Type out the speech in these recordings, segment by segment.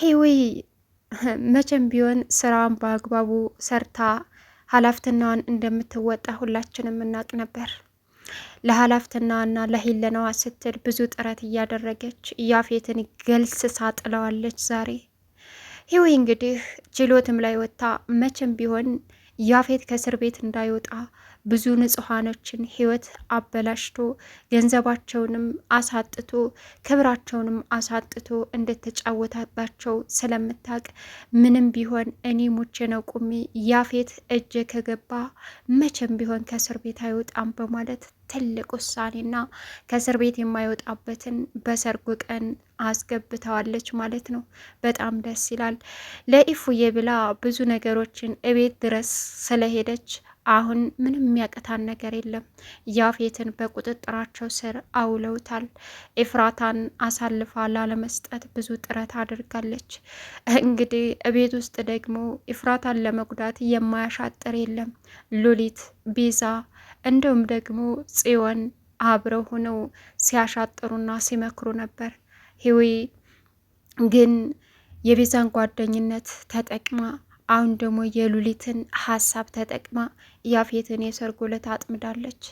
ሄዊ መቼም ቢሆን ስራዋን በአግባቡ ሰርታ ኃላፊነቷን እንደምትወጣ ሁላችንም እናውቅ ነበር። ለኃላፊነቷና ለሂለናዋ ስትል ብዙ ጥረት እያደረገች ያፌትን ገልስ ሳጥለዋለች። ዛሬ ሄዊ እንግዲህ ችሎትም ላይ ወጥታ መቼም ቢሆን ያፌት ከእስር ቤት እንዳይወጣ ብዙ ንጹሐኖችን ህይወት አበላሽቶ ገንዘባቸውንም አሳጥቶ ክብራቸውንም አሳጥቶ እንድተጫወታባቸው ስለምታውቅ ምንም ቢሆን እኔ ሙቼ ነው ቁሜ ያፌት እጅ ከገባ መቼም ቢሆን ከእስር ቤት አይወጣም በማለት ትልቅ ውሳኔና ከእስር ቤት የማይወጣበትን በሰርጉ ቀን አስገብተዋለች ማለት ነው። በጣም ደስ ይላል። ለኢፉዬ ብላ ብዙ ነገሮችን እቤት ድረስ ስለሄደች አሁን ምንም የሚያቅታን ነገር የለም። ያፌትን በቁጥጥራቸው ስር አውለውታል። ኤፍራታን አሳልፋ ላለመስጠት ብዙ ጥረት አድርጋለች። እንግዲህ እቤት ውስጥ ደግሞ ኤፍራታን ለመጉዳት የማያሻጥር የለም። ሉሊት፣ ቤዛ እንዲሁም ደግሞ ጽዮን አብረው ሆነው ሲያሻጥሩና ሲመክሩ ነበር። ህዌ ግን የቤዛን ጓደኝነት ተጠቅማ አሁን ደግሞ የሉሊትን ሀሳብ ተጠቅማ ያፌትን የሰርጉ ዕለት አጥምዳለች።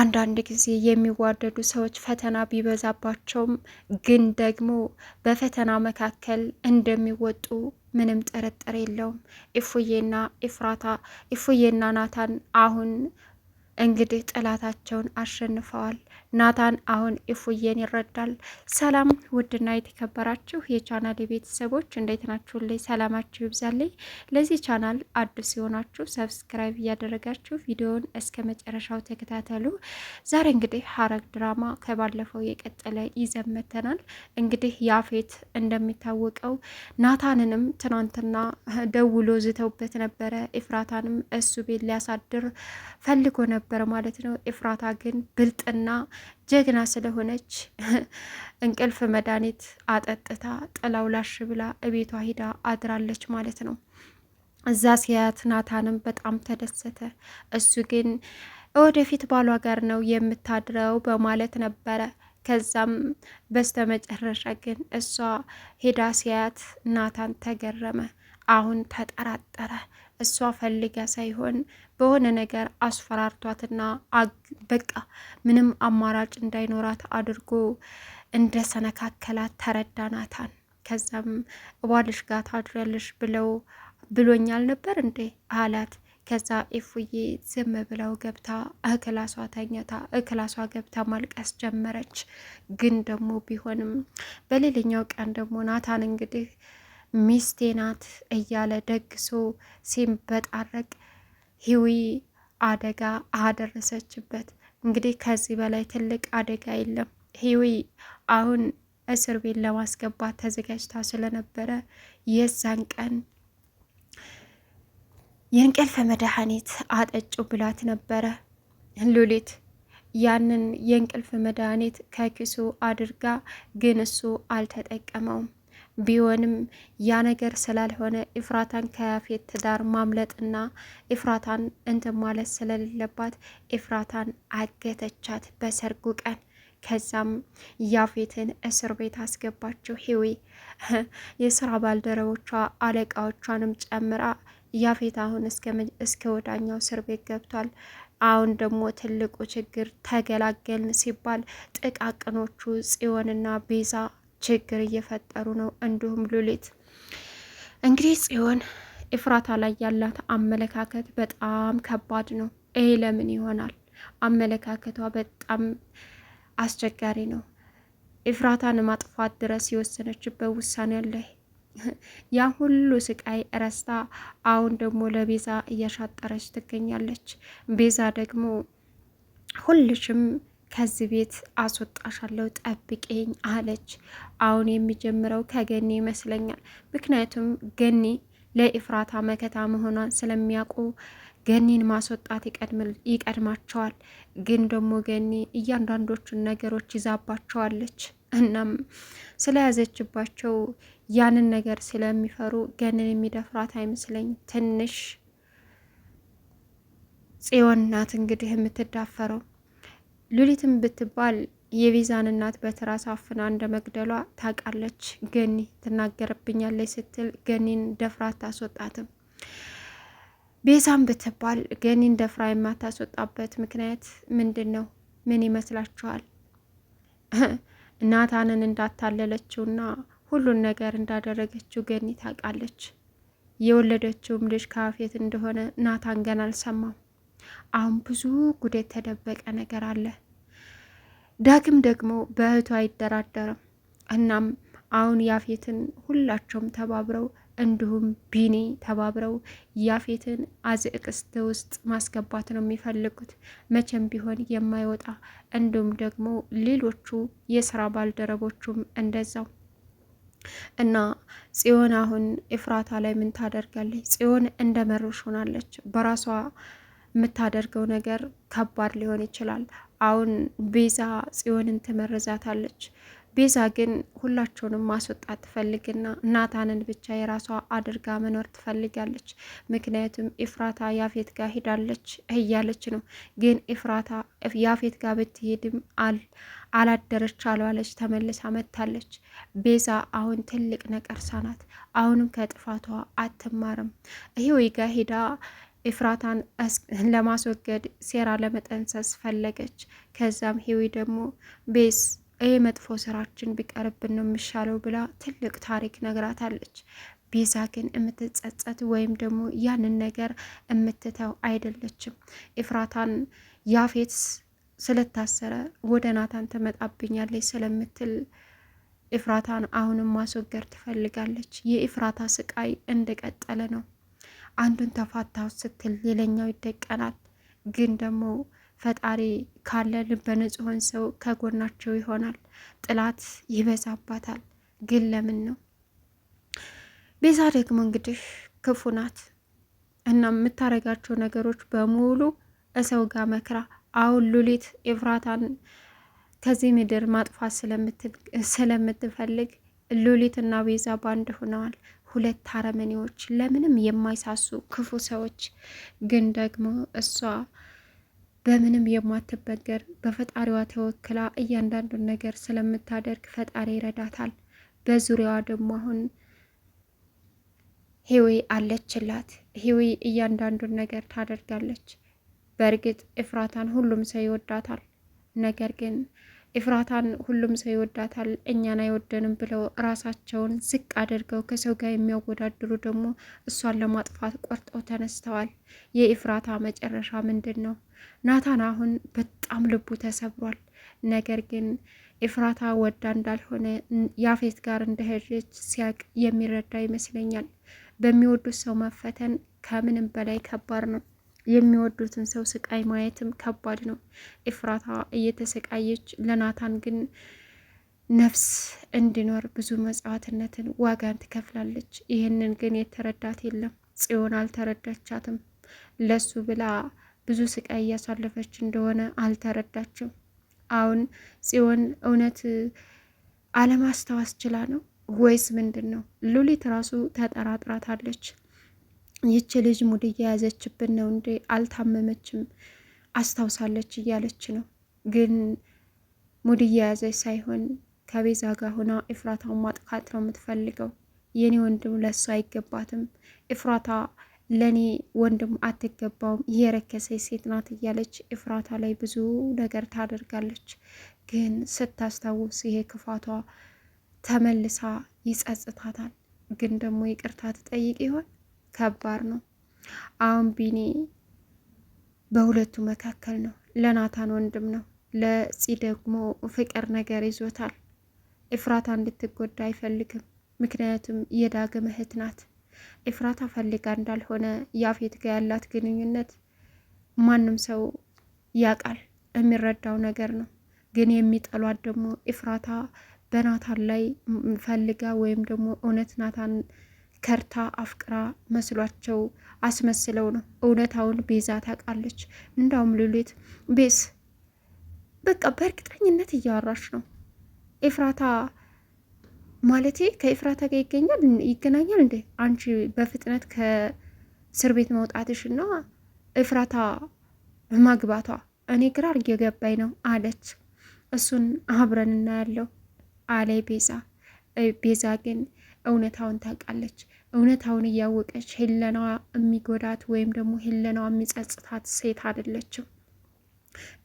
አንዳንድ ጊዜ የሚዋደዱ ሰዎች ፈተና ቢበዛባቸውም ግን ደግሞ በፈተና መካከል እንደሚወጡ ምንም ጥርጥር የለውም። ኢፉዬና ኢፍራታ ኢፉዬና ናታን አሁን እንግዲህ ጠላታቸውን አሸንፈዋል። ናታን አሁን ኢፉዬን ይረዳል። ሰላም ውድና የተከበራችሁ የቻናል የቤተሰቦች እንዴት ናችሁልኝ? ሰላማችሁ ይብዛልኝ። ለዚህ ቻናል አዲስ የሆናችሁ ሰብስክራይብ እያደረጋችሁ ቪዲዮውን እስከ መጨረሻው ተከታተሉ። ዛሬ እንግዲህ ሐረግ ድራማ ከባለፈው የቀጠለ ይዘመተናል። እንግዲህ ያፌት እንደሚታወቀው ናታንንም ትናንትና ደውሎ ዝተውበት ነበረ። ኢፍራታንም እሱ ቤት ሊያሳድር ፈልጎ ነበር ነበር ማለት ነው። ኤፍራታ ግን ብልጥና ጀግና ስለሆነች እንቅልፍ መድኃኒት አጠጥታ ጥላው ላሽ ብላ እቤቷ ሂዳ አድራለች ማለት ነው። እዛ ሲያያት ናታንም በጣም ተደሰተ። እሱ ግን ወደፊት ባሏ ጋር ነው የምታድረው በማለት ነበረ። ከዛም በስተመጨረሻ ግን እሷ ሄዳ ሲያያት ናታን ተገረመ። አሁን ተጠራጠረ። እሷ ፈልጋ ሳይሆን በሆነ ነገር አስፈራርቷትና በቃ ምንም አማራጭ እንዳይኖራት አድርጎ እንደ ሰነካከላት ተረዳ ናታን። ከዛም እባልሽ ጋር ታድሪያለሽ ብለው ብሎኛል ነበር እንዴ አላት። ከዛ ኢፉዬ ዝም ብለው ገብታ እክላሷ ተኝታ እክላሷ ገብታ ማልቀስ ጀመረች። ግን ደግሞ ቢሆንም በሌላኛው ቀን ደግሞ ናታን እንግዲህ ሚስቴ ናት እያለ ደግሶ ሲም በጣረቅ ሂዊ አደጋ አደረሰችበት። እንግዲህ ከዚህ በላይ ትልቅ አደጋ የለም። ሂዊ አሁን እስር ቤት ለማስገባት ተዘጋጅታ ስለነበረ የዛን ቀን የእንቅልፍ መድኃኒት አጠጩ ብላት ነበረ ሉሊት ያንን የእንቅልፍ መድኃኒት ከኪሱ አድርጋ ግን እሱ አልተጠቀመውም። ቢሆንም ያ ነገር ስላልሆነ ኢፍራታን ከያፌት ትዳር ማምለጥና ኢፍራታን እንትን ማለት ስለሌለባት ኢፍራታን አገተቻት በሰርጉ ቀን። ከዛም ያፌትን እስር ቤት አስገባችው። ሂዊ የስራ ባልደረቦቿ አለቃዎቿንም ጨምራ ያፌት አሁን እስከ ወዳኛው እስር ቤት ገብቷል። አሁን ደግሞ ትልቁ ችግር ተገላገልን ሲባል ጥቃቅኖቹ ጽዮንና ቤዛ ችግር እየፈጠሩ ነው። እንዲሁም ሉሊት እንግዲህ ጽዮን ኢፍራታ ላይ ያላት አመለካከት በጣም ከባድ ነው። ይሄ ለምን ይሆናል? አመለካከቷ በጣም አስቸጋሪ ነው። ኢፍራታን ማጥፋት ድረስ የወሰነችበት ውሳኔ አለ። ያ ሁሉ ስቃይ ረስታ አሁን ደግሞ ለቤዛ እያሻጠረች ትገኛለች። ቤዛ ደግሞ ሁልሽም ከዚህ ቤት አስወጣሻለሁ ጠብቄኝ አለች። አሁን የሚጀምረው ከገኒ ይመስለኛል። ምክንያቱም ገኒ ለኢፍራታ መከታ መሆኗን ስለሚያውቁ ገኒን ማስወጣት ይቀድማቸዋል። ግን ደግሞ ገኒ እያንዳንዶቹን ነገሮች ይዛባቸዋለች። እናም ስለያዘችባቸው ያንን ነገር ስለሚፈሩ ገኒን የሚደፍራት አይመስለኝ ትንሽ ጽዮን ናት እንግዲህ የምትዳፈረው ሉሊትም ብትባል የቪዛን እናት በትራስ አፍና እንደ መግደሏ ታውቃለች። ገኒ ትናገርብኛለች ስትል ገኒን ደፍራ አታስወጣትም። ቤዛም ብትባል ገኒን ደፍራ የማታስወጣበት ምክንያት ምንድን ነው? ምን ይመስላችኋል? ናታንን እንዳታለለችውና ሁሉን ነገር እንዳደረገችው ገኒ ታውቃለች። የወለደችውም ልጅ ካፌት እንደሆነ ናታን ገና አልሰማም። አሁን ብዙ ጉዴት ተደበቀ ነገር አለ። ዳግም ደግሞ በእህቱ አይደራደርም። እናም አሁን ያፌትን ሁላቸውም ተባብረው እንዲሁም ቢኒ ተባብረው ያፌትን አዝእቅስት ውስጥ ማስገባት ነው የሚፈልጉት። መቼም ቢሆን የማይወጣ እንዲሁም ደግሞ ሌሎቹ የስራ ባልደረቦቹም እንደዛው እና ጽዮን አሁን እፍራታ ላይ ምን ታደርጋለች? ጽዮን እንደ ሆናለች። በራሷ የምታደርገው ነገር ከባድ ሊሆን ይችላል። አሁን ቤዛ ጽዮንን ትመርዛታለች። ቤዛ ግን ሁላቸውንም ማስወጣት ትፈልግና ናታንን ብቻ የራሷ አድርጋ መኖር ትፈልጋለች። ምክንያቱም ኢፍራታ ያፌት ጋር ሄዳለች እያለች ነው። ግን ኢፍራታ ያፌት ጋር ብትሄድም አላደረች አሏለች፣ ተመልሳ መጥታለች። ቤዛ አሁን ትልቅ ነቀርሳ ናት። አሁንም ከጥፋቷ አትማርም። ይሄ ወይጋ ሄዳ ኤፍራታን ለማስወገድ ሴራ ለመጠንሰስ ፈለገች። ከዛም ሂዊ ደግሞ ቤስ ይህ መጥፎ ስራችን ቢቀርብን ነው የሚሻለው ብላ ትልቅ ታሪክ ነግራታለች። ቤዛ ግን የምትጸጸት ወይም ደግሞ ያንን ነገር የምትተው አይደለችም። ኤፍራታን ያፌት ስለታሰረ ወደ ናታን ትመጣብኛለች ስለምትል ኤፍራታን አሁንም ማስወገድ ትፈልጋለች። የኤፍራታ ስቃይ እንደቀጠለ ነው። አንዱን ተፋታው ስትል ሌላኛው ይደቀናል። ግን ደግሞ ፈጣሪ ካለ ልበ ሰው ከጎናቸው ይሆናል። ጥላት ይበዛባታል። ግን ለምን ነው? ቤዛ ደግሞ እንግዲህ ክፉ ናት እና የምታረጋቸው ነገሮች በሙሉ እሰው ጋር መክራ አሁን ሉሊት ኤፍራታን ከዚህ ምድር ማጥፋት ስለምትፈልግ ሉሊት እና ቤዛ ባንድ ሆነዋል። ሁለት አረመኔዎች ለምንም የማይሳሱ ክፉ ሰዎች ግን ደግሞ እሷ በምንም የማትበገር በፈጣሪዋ ተወክላ እያንዳንዱን ነገር ስለምታደርግ ፈጣሪ ይረዳታል። በዙሪያዋ ደግሞ አሁን ሄዌ አለችላት። ሄዌ እያንዳንዱን ነገር ታደርጋለች። በእርግጥ እፍራታን ሁሉም ሰው ይወዳታል። ነገር ግን ኤፍራታን ሁሉም ሰው ይወዳታል፣ እኛን አይወደንም ብለው ራሳቸውን ዝቅ አድርገው ከሰው ጋር የሚያወዳድሩ ደግሞ እሷን ለማጥፋት ቆርጠው ተነስተዋል። የኤፍራታ መጨረሻ ምንድን ነው? ናታን አሁን በጣም ልቡ ተሰብሯል። ነገር ግን ኤፍራታ ወዳ እንዳልሆነ ያፌት ጋር እንደሄደች ሲያቅ የሚረዳ ይመስለኛል። በሚወዱት ሰው መፈተን ከምንም በላይ ከባድ ነው። የሚወዱትን ሰው ስቃይ ማየትም ከባድ ነው። ኤፍራታ እየተሰቃየች ለናታን ግን ነፍስ እንዲኖር ብዙ መጽዋትነትን ዋጋን ትከፍላለች። ይህንን ግን የተረዳት የለም። ጽዮን አልተረዳቻትም። ለሱ ብላ ብዙ ስቃይ እያሳለፈች እንደሆነ አልተረዳችም። አሁን ጽዮን እውነት አለማስታወስ ችላ ነው ወይስ ምንድን ነው? ሉሊት ራሱ ተጠራጥራታለች። ይቺ ልጅ ሙድ እየያዘችብን ነው እንዴ? አልታመመችም፣ አስታውሳለች እያለች ነው። ግን ሙድ እየያዘች ሳይሆን ከቤዛ ጋር ሆና ኤፍራታውን ማጥቃት ነው የምትፈልገው። የኔ ወንድም ለሱ አይገባትም፣ እፍራታ ለእኔ ወንድም አትገባውም፣ እየረከሰች ሴት ናት እያለች እፍራታ ላይ ብዙ ነገር ታደርጋለች። ግን ስታስታውስ ይሄ ክፋቷ ተመልሳ ይጸጽታታል። ግን ደግሞ ይቅርታ ትጠይቅ ይሆን? ከባድ ነው። አሁን ቢኒ በሁለቱ መካከል ነው። ለናታን ወንድም ነው፣ ለፂ ደግሞ ፍቅር ነገር ይዞታል። እፍራታ እንድትጎዳ አይፈልግም። ምክንያቱም የዳግም እህት ናት። እፍራታ ፈልጋ እንዳልሆነ ያፌት ጋር ያላት ግንኙነት ማንም ሰው ያቃል፣ የሚረዳው ነገር ነው። ግን የሚጠሏት ደግሞ እፍራታ በናታን ላይ ፈልጋ ወይም ደግሞ እውነት ናታን ከርታ አፍቅራ መስሏቸው አስመስለው ነው። እውነታውን ቤዛ ታውቃለች። እንዳውም ሉሊት ቤስ በቃ በእርግጠኝነት እያወራች ነው። ኤፍራታ ማለቴ ከኤፍራታ ጋር ይገኛል ይገናኛል እንዴ? አንቺ በፍጥነት ከእስር ቤት መውጣትሽ እና ኤፍራታ ማግባቷ እኔ ግራ እየገባኝ ነው አለች። እሱን አብረን እናያለው አለ ቤዛ ቤዛ ግን እውነታውን ታውቃለች። እውነታውን እያወቀች ሄለናዋ የሚጎዳት ወይም ደግሞ ሄለናዋ የሚጸጽታት ሴት አይደለችም።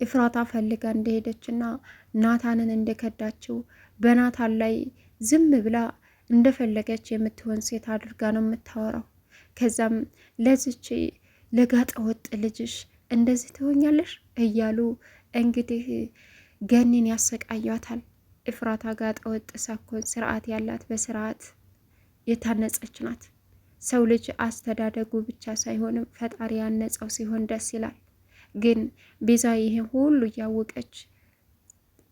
እፍራታ ፈልጋ እንደሄደችና ናታንን እንደከዳችው በናታን ላይ ዝም ብላ እንደፈለገች የምትሆን ሴት አድርጋ ነው የምታወራው። ከዛም ለዚች ለጋጠ ወጥ ልጅሽ እንደዚህ ትሆኛለሽ እያሉ እንግዲህ ገኒን ያሰቃያታል። ኢፍራታ ጋጠ ወጥ ሳኮን ስርዓት ያላት በስርዓት የታነጸች ናት። ሰው ልጅ አስተዳደጉ ብቻ ሳይሆንም ፈጣሪ ያነጸው ሲሆን ደስ ይላል። ግን ቤዛ ይሄ ሁሉ እያወቀች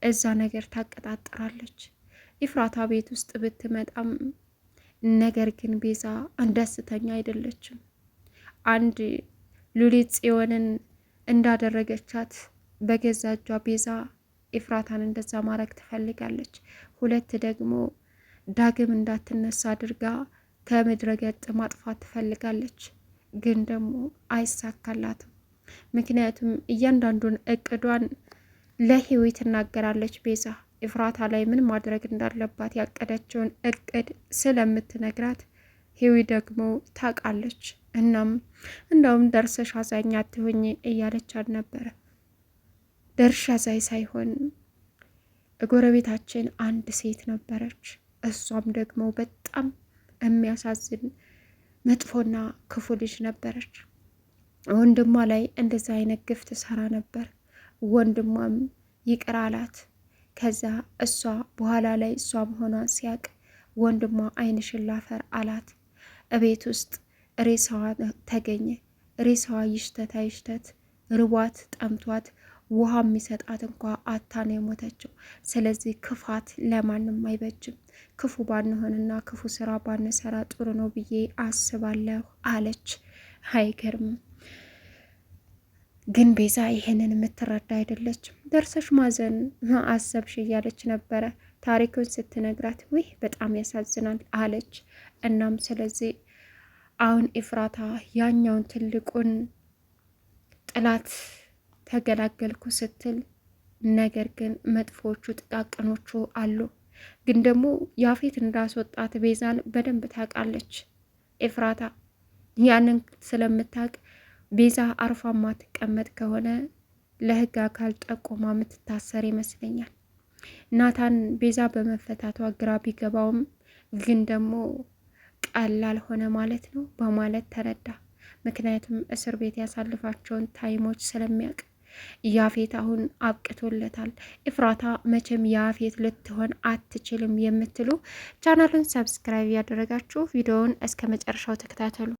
እዛ ነገር ታቀጣጥራለች። ኢፍራታ ቤት ውስጥ ብትመጣም ነገር ግን ቤዛ ደስተኛ አይደለችም። አንድ ሉሊት ጽዮንን እንዳደረገቻት በገዛ እጇ ቤዛ ኢፍራታን እንደዛ ማድረግ ትፈልጋለች። ሁለት ደግሞ ዳግም እንዳትነሳ አድርጋ ከምድረ ገጥ ማጥፋት ትፈልጋለች። ግን ደግሞ አይሳካላትም። ምክንያቱም እያንዳንዱን እቅዷን ለህይወት ትናገራለች። ቤዛ ኢፍራታ ላይ ምን ማድረግ እንዳለባት ያቀደችውን እቅድ ስለምትነግራት ህዊ ደግሞ ታውቃለች። እናም እንደውም ደርሰሽ አዛኝ አትሆኝ እያለች አልነበረ ደርሽ አዛኝ ሳይሆን ጎረቤታችን አንድ ሴት ነበረች እሷም ደግሞ በጣም የሚያሳዝን መጥፎና ክፉ ልጅ ነበረች። ወንድሟ ላይ እንደዚ አይነት ግፍ ትሰራ ነበር። ወንድሟም ይቅር አላት። ከዛ እሷ በኋላ ላይ እሷ መሆኗን ሲያቅ ወንድሟ ዓይንሽን ላፈር አላት። እቤት ውስጥ ሬሳዋ ተገኘ። ሬሳዋ ይሽተት አይሽተት ርቧት ጠምቷት ውሃ የሚሰጣት እንኳ አታ ነው የሞተችው። ስለዚህ ክፋት ለማንም አይበጅም። ክፉ ባንሆንና ክፉ ስራ ባንሰራ ጥሩ ነው ብዬ አስባለሁ አለች። አይገርም ግን ቤዛ ይህንን የምትረዳ አይደለችም። ደርሰሽ ማዘን አሰብሽ እያለች ነበረ ታሪኩን ስትነግራት፣ ውህ በጣም ያሳዝናል አለች። እናም ስለዚህ አሁን ኢፍራታ ያኛውን ትልቁን ጥላት ተገላገልኩ ስትል ነገር ግን መጥፎቹ ጥቃቅኖቹ አሉ። ግን ደግሞ ያፌት እንዳስወጣት ቤዛን በደንብ ታውቃለች ኤፍራታ። ያንን ስለምታውቅ ቤዛ አርፋ ማትቀመጥ ከሆነ ለህግ አካል ጠቆማ የምትታሰር ይመስለኛል። ናታን ቤዛ በመፈታቷ ግራ ቢገባውም ግን ደግሞ ቀላል ሆነ ማለት ነው በማለት ተረዳ። ምክንያቱም እስር ቤት ያሳልፋቸውን ታይሞች ስለሚያውቅ ያፌት አሁን አብቅቶለታል። እፍራታ መቼም ያፌት ልትሆን አትችልም የምትሉ ቻናሉን ሰብስክራይብ ያደረጋችሁ ቪዲዮውን እስከ መጨረሻው ተከታተሉ።